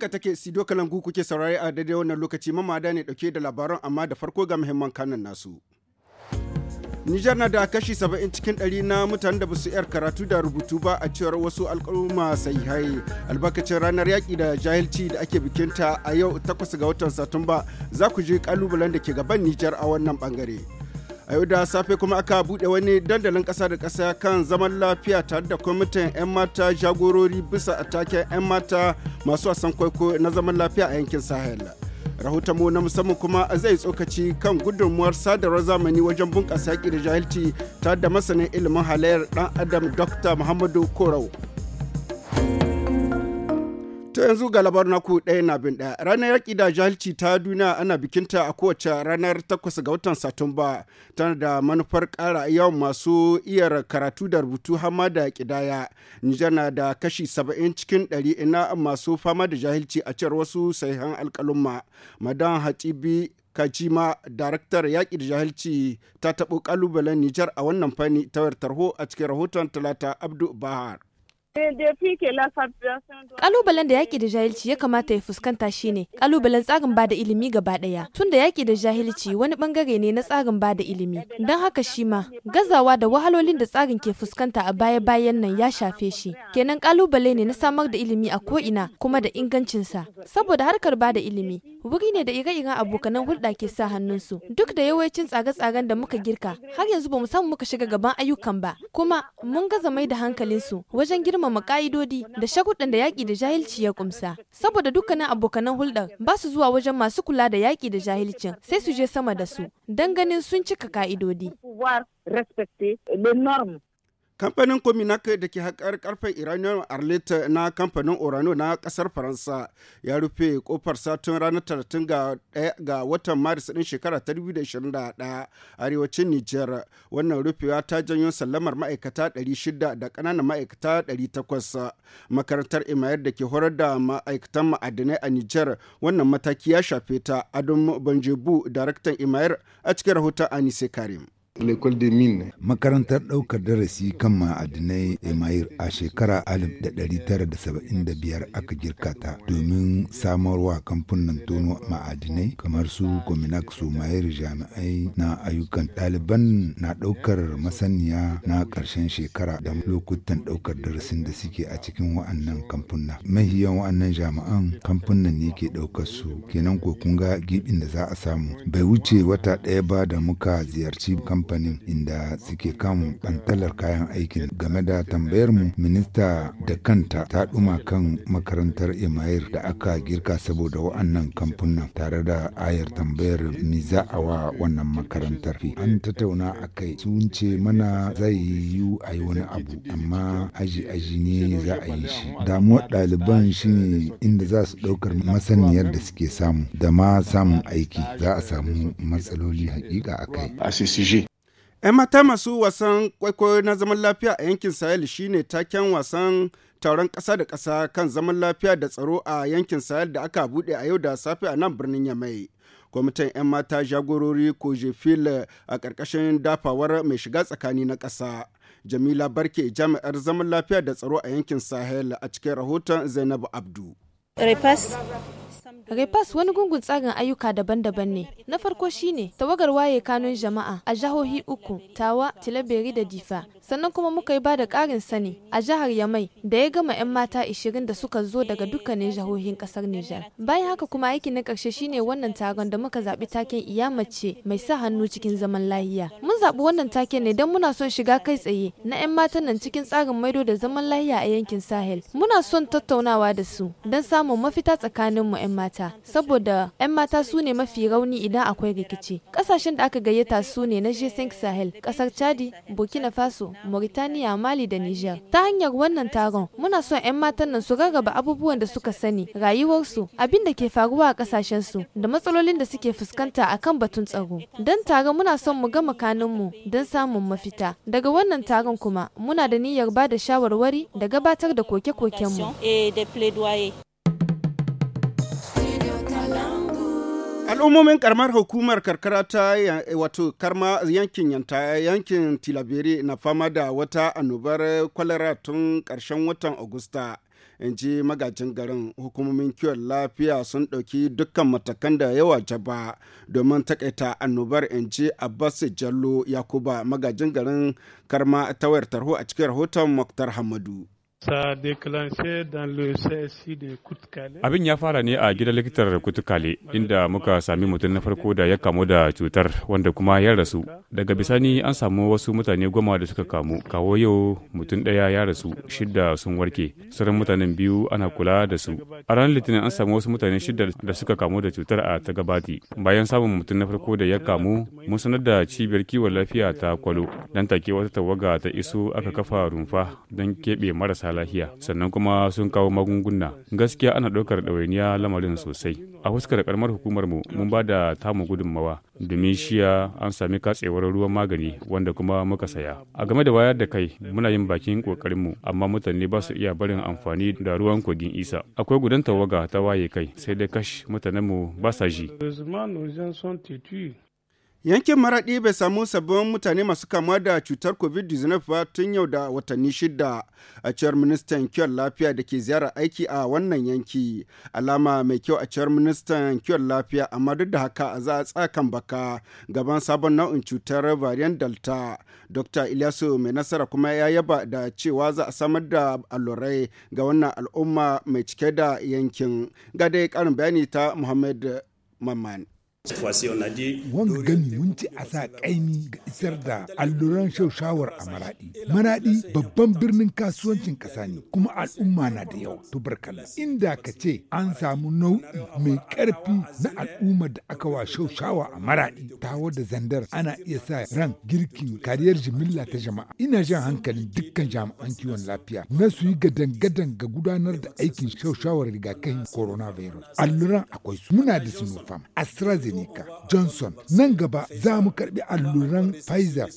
Haka take Sido Kalangu kuke saurari a daidai wannan lokaci mamada ne dauke da labaran amma da farko ga muhimman kanan nasu. Nijar na da kashi 70 cikin ɗari na mutanen da basu yar karatu da rubutu ba a cewar wasu alƙaluma sahihai. Albarkacin ranar yaƙi da jahilci da ake bikinta a yau takwas ga watan Satumba za ku je kalubalen da ke gaban Nijar a wannan bangare. a yau da safe kuma aka buɗe wani dandalin kasa da ƙasa kan zaman lafiya tare da kwamitin 'yan mata jagorori bisa a taken 'yan mata masu wasan kwaiko na zaman lafiya a yankin sahel rahotonmu na musamman kuma zai tsokaci kan gudunmuwar sadarwar zamani wajen bunƙasa yaƙi da jahilci tare da masanin ilimin halayyar ɗan adam dr muhammadu korau To yanzu ga labarin ku ɗaya na bin ɗaya. Ranar yaƙi da jahilci ta duniya ana bikinta a kowace ranar takwas ga watan Satumba tana da manufar ƙara yawan masu iya karatu da rubutu hama da ƙidaya. Nijar na da kashi saba'in cikin ɗari ina masu fama da jahilci a cewar wasu sahihan alƙalumma. Madan Hatsibi Kajima, daraktar yaƙi da jahilci ta taɓo ƙalubalen Nijar a wannan fani ta tarho a cikin rahoton Talata Abdu Bahar. Kalubalen da yaƙi da jahilci ya kamata ya fuskanta shi ne kalubalen tsarin bada ilimi gaba ɗaya. Tun da yaƙi da jahilci wani bangare ne na tsarin bada ilimi. Don haka shi ma gazawa da wahalolin da tsarin ke fuskanta a baya-bayan nan ya shafe shi. Kenan kalubale ne na samar da ilimi a ko'ina kuma da ingancinsa. Saboda harkar bada ilimi wuri ne da ire-iren abokanan hulɗa ke sa hannunsu. Duk da yawancin tsare-tsaren da muka girka, har yanzu ba mu samu muka shiga gaban ayyukan ba. Kuma mun gaza mai da hankalinsu wajen girmama ƙa'idodi da sharuɗan da yaƙi da jahilci ya kumsa. Saboda dukkanin abokanan hulɗar ba su zuwa wajen masu kula da yaƙi da jahilcin, sai su je sama da su, don ganin sun cika ka'idodi kamfanin kominak da ke haƙar karfen iranian arlet na kamfanin orano na ƙasar faransa ya rufe kofar satun ranar 30 ga, watan maris ɗin shekara 2021 arewacin niger wannan rufewa ta janyo sallamar ma'aikata 600 da ƙananan ma'aikata 800 makarantar imayar da ke horar da ma'aikatan ma'adinai a niger wannan mataki ya shafe ta adam banjebu daraktan imayar a cikin rahoton anise karim l'école des mines. Makarantar ɗaukar darasi kan ma'adinai Emayir a shekara 1975 aka girka ta domin samarwa kamfunan tono ma'adinai kamar su Kominak Somayir jami'ai na ayyukan ɗaliban na ɗaukar masaniya na ƙarshen shekara da lokutan ɗaukar darasin da suke a cikin wa'annan kamfuna. Mahiyan wa'annan jami'an kamfunan ne ke ɗaukar su kenan ko kun ga gibin da za a samu. Bai wuce wata ɗaya ba da muka ziyarci kamfunan kamfanin inda suke kan bantalar kayan aikin game da tambayar mu minista da kanta ta ɗuma kan makarantar Imayir da aka girka saboda wa'annan kamfanin tare da ayar tambayar mi za a wa wannan makarantar. An tattauna a kai sun ce mana zai yiwu a yi wani abu amma aji aji ne za a yi shi. Damuwar ɗaliban ne inda za su ɗaukar masaniyar da suke samu da ma samun aiki za a samu matsaloli hakika a kai. 'Yan mata masu wasan kwaikwayo na zaman lafiya a yankin Sahel shine taken wasan taron ƙasa da ƙasa kan zaman lafiya da tsaro a yankin Sahel da aka buɗe a yau da safe a nan birnin Yamai. Kwamitin 'yan mata jagorori ko jefil a ƙarƙashin dafawar mai shiga tsakani na ƙasa. Jamila Barke jami'ar zaman lafiya da tsaro a yankin Sahel a cikin rahoton Zainab Abdu. Repas repas wani gungun tsarin ayyuka daban-daban ne na farko shine tawagar waye kanun jama'a a jihohi uku tawa tilaberi da difa sannan kuma muka yi ba da ƙarin sani a jihar yamai da ya gama 'yan mata 20 da suka zo daga dukkanin jihohin ƙasar nijar bayan haka kuma aiki na ƙarshe shine wannan taron da muka zaɓi taken iya mace mai sa hannu cikin zaman lahiya mun zaɓi wannan taken ne don muna son shiga kai tsaye na 'yan matan nan cikin tsarin maido da zaman lahiya a yankin sahel muna son tattaunawa da su don samun mafita tsakaninmu 'yan mata saboda 'yan mata su ne mafi rauni idan akwai rikici kasashen da aka gayyata su ne na g sahel kasar chadi burkina faso mauritania mali da niger ta hanyar wannan taron muna son 'yan matan nan su rarraba abubuwan da suka sani rayuwarsu abin da ke faruwa a kasashen su da matsalolin da suke fuskanta akan batun tsaro don taron muna son mu gama mu don samun mafita daga wannan taron kuma muna da niyyar ba da shawarwari da gabatar da koke-kokenmu al'ummomin karamar hukumar karkara ta wato karma yankin yanta yankin tilabere na fama da wata annobar kwalara tun karshen watan agusta in ji magajin garin hukumomin kiwon lafiya sun ɗauki dukkan matakan da yawa jaba domin takaita annobar in ji abbas jallo yakuba magajin garin karma tawayar tarho a cikin rahoton muktar hamadu Abin ya fara ne a gidan likitar Kutukale inda muka sami mutum na farko da ya kamu da cutar wanda kuma ya rasu. Daga bisani an samu wasu mutane goma da suka kamu, kawo yau mutum daya ya rasu, shidda sun warke, sauran mutanen biyu ana kula da su. A ranar Litinin an samu wasu mutane shidda da suka kamu da cutar a Tagabati. Bayan samun mutum na farko da ya kamu, mun sanar da cibiyar kiwon lafiya ta Kwalo. Dan take wata tawaga ta iso aka kafa rumfa don keɓe marasa marasa sannan kuma sun kawo magunguna gaskiya ana ɗaukar ɗawainiya lamarin sosai a fuskar karamar hukumar mu mun ba da tamu gudunmawa domin shiya an sami katsewar ruwan magani wanda kuma muka saya a game da wayar da kai muna yin bakin kokarin mu amma mutane ba su iya barin amfani da ruwan kogin isa akwai gudan tawaga ta waye kai sai dai kash mutanen mu ba sa ji Yankin Maraɗi bai samu sabbin mutane masu kama da cutar COVID-19 ba tun yau da watanni shida a cewar ministan kiwon lafiya da ke ziyarar aiki a wannan yanki. Alama mai kyau a cewar ministan kiwon lafiya amma duk da haka a za a tsakan baka gaban sabon nau'in cutar variant Delta. Dr. Ilyasu mai nasara kuma ya yaba da cewa za a samar da allurai ga wannan al'umma mai cike da yankin. Ga dai karin bayani ta Muhammad Mamman. Wanga gami mun ci a sa ƙaimi ga isar da alluran shaushawar a maraɗi. Maraɗi babban birnin kasuwancin ƙasa ne kuma al'umma na da yawa tubarkala. Inda ka ce an samu nau'i mai ƙarfi na al'umma da aka wa shaushawa a maraɗi. Tawo da zandar ana iya sa ran girkin kariyar jimilla ta jama'a. Ina jan hankali dukkan jami'an kiwon lafiya na su yi gadan-gadan ga gudanar da aikin shaushawar rigakafin coronavirus. Alluran akwai su. Muna da Sinopharm, AstraZeneca, astrazeneca johnson nan gaba za mu karbi alluran pfizer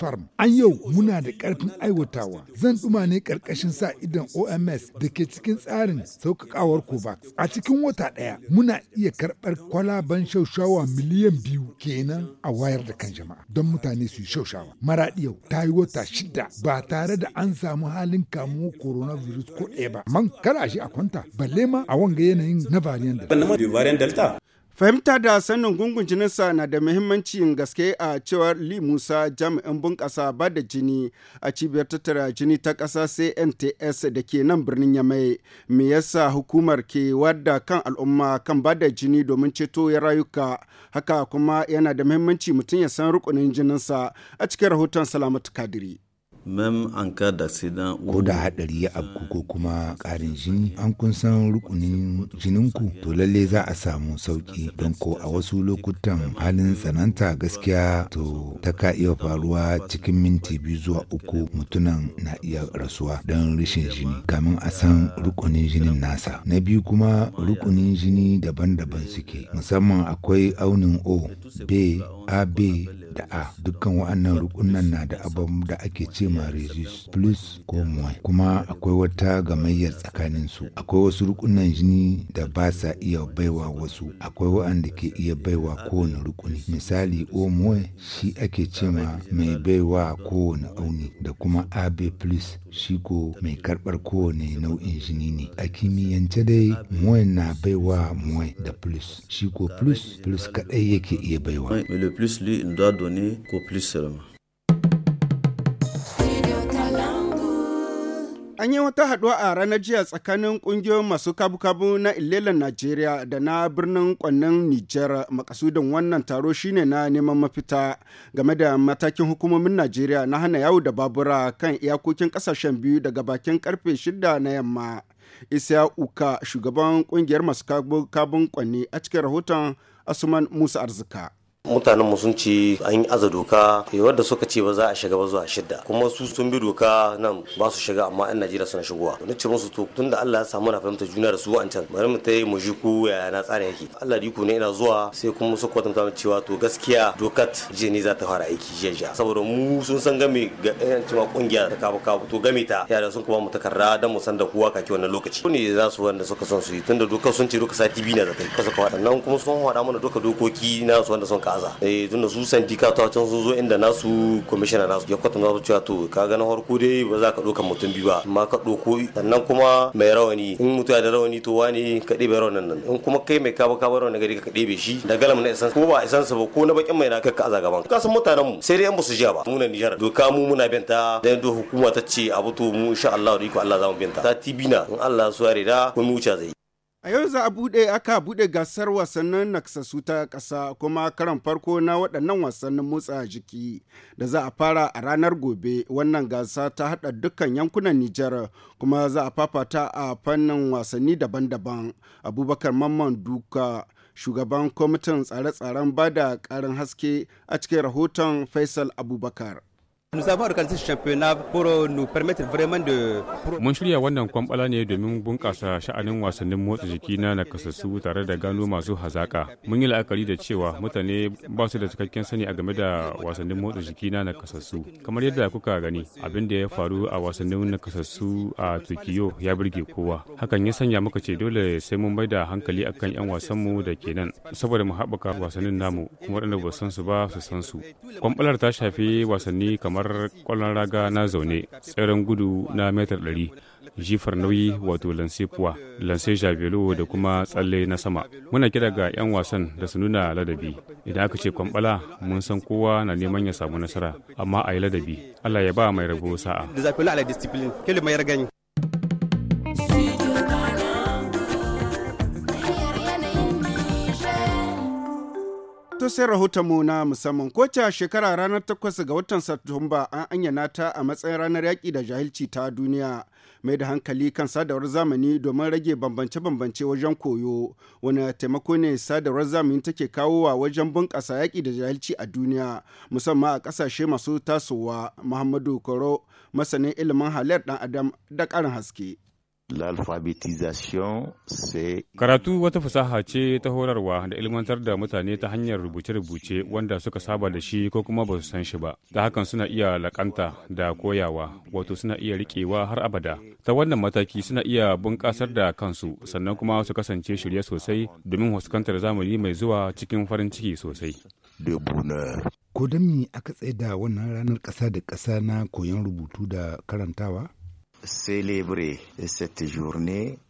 Farm. an yau muna da karfin aiwatawa zan ɗuma ne karkashin sa idan oms da ke cikin tsarin sauƙaƙawar covax a cikin wata ɗaya muna iya karɓar kwalaban shaushawa miliyan biyu kenan a wayar da kan jama'a don mutane su yi shaushawa maraɗi yau ta yi wata shida ba tare da an samu halin kamuwa coronavirus ko ɗaya ba man kara shi a kwanta balle ma a wanga yanayin na variant delta Fahimta da sanin gungun jininsa na da muhimmancin gaske a cewar Li Musa jami'in bunƙasa ba da jini a cibiyar tattara jini ta ƙasa nts da ke nan birnin Yamai. Me yasa hukumar ke wadda kan al'umma kan ba da jini domin ceto ya rayuka haka kuma yana da muhimmanci mutum ya san rukunin jininsa a cikin rahoton Salamatu Kadiri. ko da haɗari ya abu ko kuma ƙarin jini an kun san rukunin jininku to lalle za a samu sauƙi don ko a wasu lokutan halin tsananta gaskiya to ta ka iya faruwa cikin minti biyu zuwa uku mutunan na iya rasuwa don rashin jini kamin a san rukunin jinin nasa na biyu kuma rukunin jini daban-daban suke musamman akwai aunin o b a b da a dukkan wa'annan rukunan na da abin da ake ce mariris plus ko moins kuma akwai wata gamayyar tsakanin su akwai wasu rukunan jini da ba sa iya baiwa wasu akwai waɗanda ke iya baiwa kowane rukuni misali omoe shi ake cema mai baiwa kowane auni da kuma ab plus shi ko mai karɓar kowane nau'in jini ne a kimiyyance dai moe na baiwa moe da plus shi ko plus plus kaɗai yake iya baiwa le plus lui il doit donner qu'au plus An yi wata haɗuwa a ranar jiya tsakanin ƙungiyoyin masu kabu-kabu na Ilelan Najeriya da na birnin Kwannin Nijar. Makasudin wannan taro shine na neman mafita game da matakin hukumomin Najeriya na hana yawo da babura kan iyakokin ƙasashen biyu daga bakin karfe shida na yamma. Isa Uka, shugaban ƙungiyar masu kabu-kabun Kwanni a cikin rahoton Asuman Musa Arzika. mutanen mu sun ce an yi aza doka eh, wadda suka ce ba za a shiga ba zuwa shidda kuma su sun bi doka nan ba su shiga amma yan najeriya suna shigowa wani ce musu to tunda allah ya samu na fahimta juna da su an can bari mu ta yi mu ji ku yaya na tsara yake allah da iko ne ina zuwa sai kuma su kwatanta cewa to gaskiya dokat je ne za ta fara aiki jiya saboda mu sun san game ga yan cewa kungiya ta kafa kafa to game ta yara sun kuma mu takarda dan mu san da kowa kake wannan lokaci ne za su wanda suka son su yi tunda dokar sun ce doka sati biyu na za ta yi kasa kuma nan kuma sun hada mana doka dokoki na su wanda sun ka kaza eh tunda su dika ta can sun zo inda nasu commissioner nasu ya kwatanta cewa to ka ga na harko dai ba za ka ɗauka mutum biyu ba amma ka doko sannan kuma mai rawani in mutum da rawani to wani ka ɗebe rawanin nan in kuma kai mai kaba kaba rawanin gari ka ɗebe shi da galam na isan ko ba isan sa ba ko na bakin mai na ka ka gaban ka san mutanen mu sai dai an ba jiya ba na Nijar doka mu muna binta da yadda hukuma ta ce abu to mu insha Allah da iko Allah za mu binta ta tibina in Allah su yare da ko mu wuce zai A yau za a buɗe aka buɗe gasar wasannin naksasu ta ƙasa kuma karan farko na waɗannan wasannin motsa jiki da za a fara a ranar gobe wannan gasa ta haɗa dukkan yankunan Nijar kuma za a fafata a fannin wasanni daban-daban. Abubakar Mamman Duka shugaban kwamitin tsare-tsaren bada ƙarin haske a cikin rahoton Faisal Abubakar. Euh, mun shirya wannan kwamfala ne domin bunƙasa sha'anin wasannin motsa jiki na nakasassu tare da gano masu hazaƙa. Mun yi la'akari da cewa mutane ba su da cikakken sani a game da wasannin motsa jiki na nakasassu. Kamar yadda kuka gani, abin da ya faru a wasannin nakasassu a Tokiyo ya burge kowa. Hakan ya sanya muka ce dole sai mun bai da hankali akan 'yan wasanmu da ke nan, saboda mu haɓaka wasannin namu, kuma waɗanda ba san su ba su san su. Kwamfalar ta shafi wasanni kamar kamar kwallon raga na zaune tseren gudu na metar ɗari jifar nauyi wato lanse puwa lanse javelo da kuma tsalle na sama muna kira ga 'yan wasan da su nuna ladabi idan aka ce kwambala mun san kowa na neman ya samu nasara amma a yi ladabi allah ya ba mai rabo sa'a Sosai sai mu na musamman ko ta shekara ranar takwas ga watan Satumba an anyana ta a matsayin ranar yaƙi da jahilci ta duniya. Mai da hankali kan sadarwar zamani domin rage bambance-bambance wajen koyo. Wani taimako ne sadarwar zamani take kawo wa wajen bunƙasa yaƙi da jahilci a duniya musamman a ƙasashe masu tasowa. Muhammadu Koro masanin ilimin halayyar ɗan adam da ƙarin haske. Karatu wata fasaha ce ta horarwa da ilmantar da mutane ta hanyar rubuce-rubuce wanda suka saba da shi ko kuma ba su san shi ba. Ta hakan suna iya lakanta da koyawa, wato suna iya riƙewa har abada. Ta wannan mataki suna iya bunƙasar da kansu sannan kuma su kasance shirye sosai domin fuskantar zamani mai zuwa cikin farin ciki sosai. Ko don me aka tsaye da wannan ranar ƙasa da ƙasa na koyon rubutu da karantawa? celebre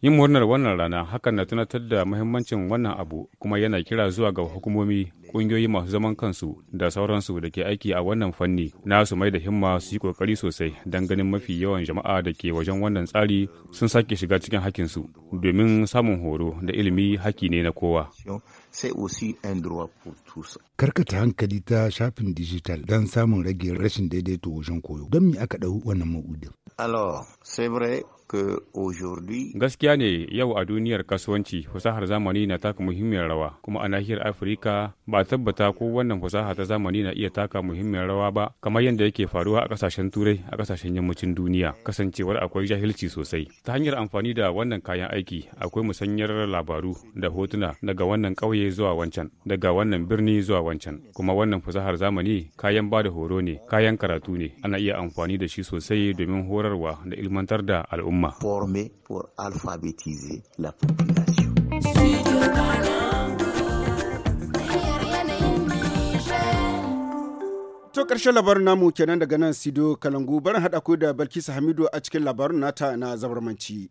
Yin murnar wannan rana hakan na tunatar da muhimmancin wannan abu kuma yana kira zuwa ga hukumomi, kungiyoyi masu zaman kansu da sauransu da ke aiki a wannan fanni na su mai da himma su yi kokari sosai don ganin mafi yawan jama'a da ke wajen wannan tsari sun sake shiga cikin hakinsu domin samun horo da ilimi haki ne na kowa. Karkata hankali ta shafin dijital don samun rage rashin daidaito wajen koyo. Don me aka ɗau wannan ma'udin? Alors, c'est vrai, Gaskiya ne yau a duniyar kasuwanci fasahar zamani na taka muhimmiyar rawa kuma a nahiyar Afirka ba a tabbata ko wannan fasaha ta zamani na iya taka muhimmiyar rawa ba kamar yadda yake faruwa a kasashen Turai a kasashen yammacin duniya kasancewar akwai jahilci sosai. Ta hanyar amfani da wannan kayan aiki akwai musanyar labaru da hotuna daga wannan ƙauye zuwa wancan daga wannan birni zuwa wancan kuma wannan fasahar zamani kayan ba da horo ne kayan karatu ne ana iya amfani da shi sosai domin horarwa da ilmantar da al'umma. al'umma To ƙarshen labarin namu kenan daga nan Sido Kalangu barin haɗa ku da Balkisu Hamidu a cikin labarin nata na zabarmanci.